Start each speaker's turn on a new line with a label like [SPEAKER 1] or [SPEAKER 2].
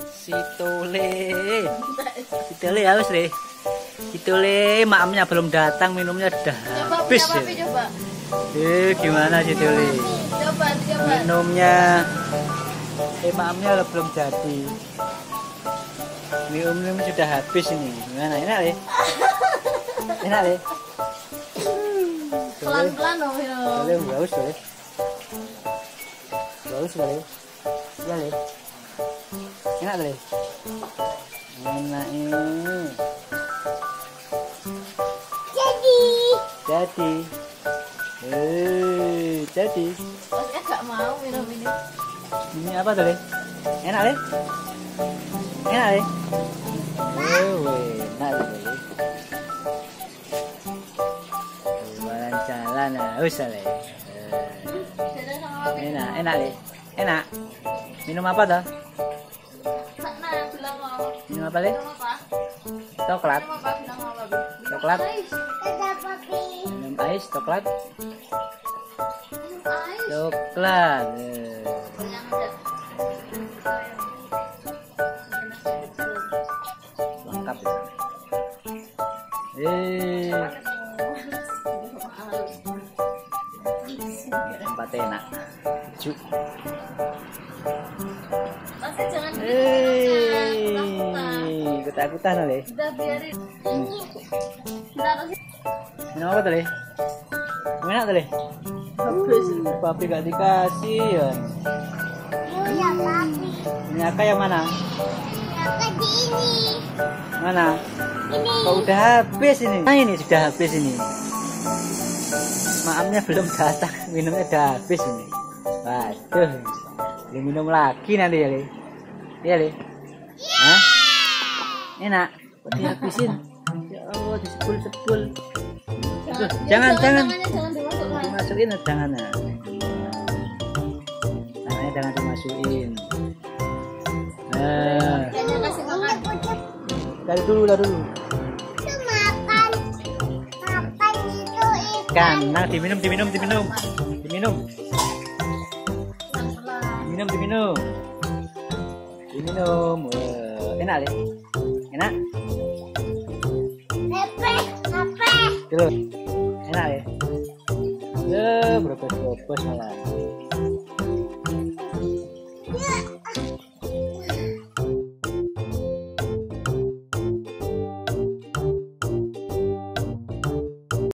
[SPEAKER 1] Si Tole. Si Tole harus ya deh. Si Tole maamnya belum datang minumnya udah habis. Ya. Coba, ya. Eh, gimana si Tole? Minumnya eh maamnya belum jadi. Minumnya sudah habis ini. Gimana? Enak, deh. Enak, deh. Pelan-pelan dong, oh, Tole, bagus Tole. bagus Tole. Ya, deh. Enak kali? Enak ini. Jadi. Jadi. Eh, jadi. Mas agak kan mau minum ini. Ini apa tadi? Enak, deh, Enak, deh. Oh, enak, Le. Jalan-jalan, haus, eh, Le. Enak, enak, deh, Enak. Minum apa, tuh? Ano apa pala? Coklat. Coklat. Minum ais coklat. Coklat. Lengkap ya. Eh. Tempatnya enak. Cuk. Masih jangan eh. Takut-takutan kali. Udah biarin. Kenapa tadi? Enak tadi? Papi gak dikasih ya. Punya papi.
[SPEAKER 2] Punya yang mana?
[SPEAKER 1] Kakak di ini. Mana? Ini. Kau udah habis ini? Nah ini sudah habis ini. Maafnya belum datang, minumnya udah habis ini. Waduh. Beli minum lagi nanti ya, Li. Iya, Li. Ya. Hah? enak habisin. ya Allah disebul sebul jangan jangan masukin jangan eh, eh. tangannya jangan dimasukin eh dulu lah dulu kan nah diminum diminum diminum diminum diminum diminum diminum Wah, eh. enak deh ya? gitu loh enak ya ya berapa berapa malah